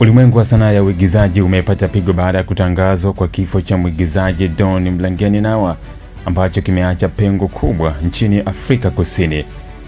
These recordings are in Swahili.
Ulimwengu wa sanaa ya uigizaji umepata pigo baada ya kutangazwa kwa kifo cha mwigizaji Don Mlangeni Nawa ambacho kimeacha pengo kubwa nchini Afrika Kusini.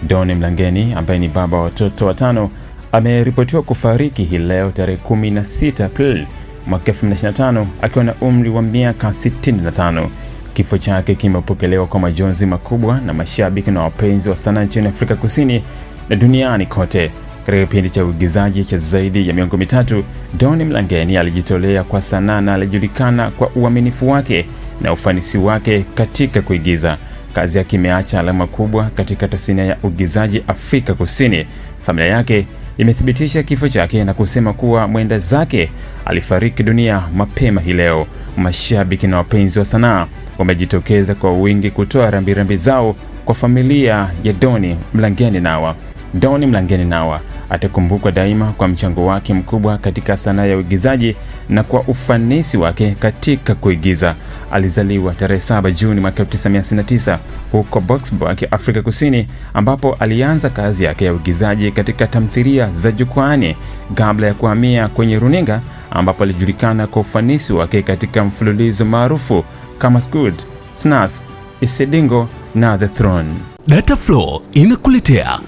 Don Mlangeni ambaye ni baba wa watoto watano ameripotiwa kufariki hii leo tarehe 16 Aprili mwaka 2025 akiwa na umri wa miaka 65. Kifo chake kimepokelewa kwa majonzi makubwa na mashabiki na wapenzi wa sanaa nchini Afrika Kusini na duniani kote. Katika kipindi cha uigizaji cha zaidi ya miongo mitatu, Don Mlangeni alijitolea kwa sanaa na alijulikana kwa uaminifu wake na ufanisi wake katika kuigiza. Kazi yake imeacha alama kubwa katika tasnia ya uigizaji Afrika Kusini. Familia yake imethibitisha kifo chake na kusema kuwa mwenda zake alifariki dunia mapema hii leo. Mashabiki na wapenzi wa sanaa wamejitokeza kwa wingi kutoa rambirambi zao kwa familia ya doni Mlangeni Nawa. Doni Mlangeni Nawa atakumbukwa daima kwa mchango wake mkubwa katika sanaa ya uigizaji na kwa ufanisi wake katika kuigiza. Alizaliwa tarehe 7 Juni mwaka 1969 huko Boksburg, Afrika Kusini, ambapo alianza kazi yake ya uigizaji katika tamthilia za jukwaani kabla ya kuhamia kwenye runinga, ambapo alijulikana kwa ufanisi wake katika mfululizo maarufu kama Squid, Snatch, Isidingo na The Throne. Dataflow inakuletea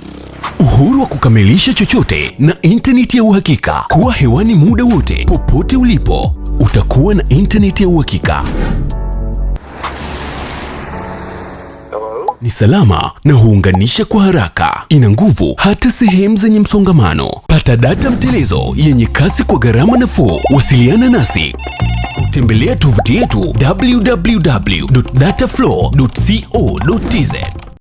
uhuru wa kukamilisha chochote na intaneti ya uhakika. Kuwa hewani muda wote, popote ulipo, utakuwa na intaneti ya uhakika. Ni salama na huunganisha kwa haraka. Ina nguvu hata sehemu zenye msongamano. Pata data mtelezo yenye kasi kwa gharama nafuu. Wasiliana nasi, tembelea tovuti yetu www.dataflow.co.tz.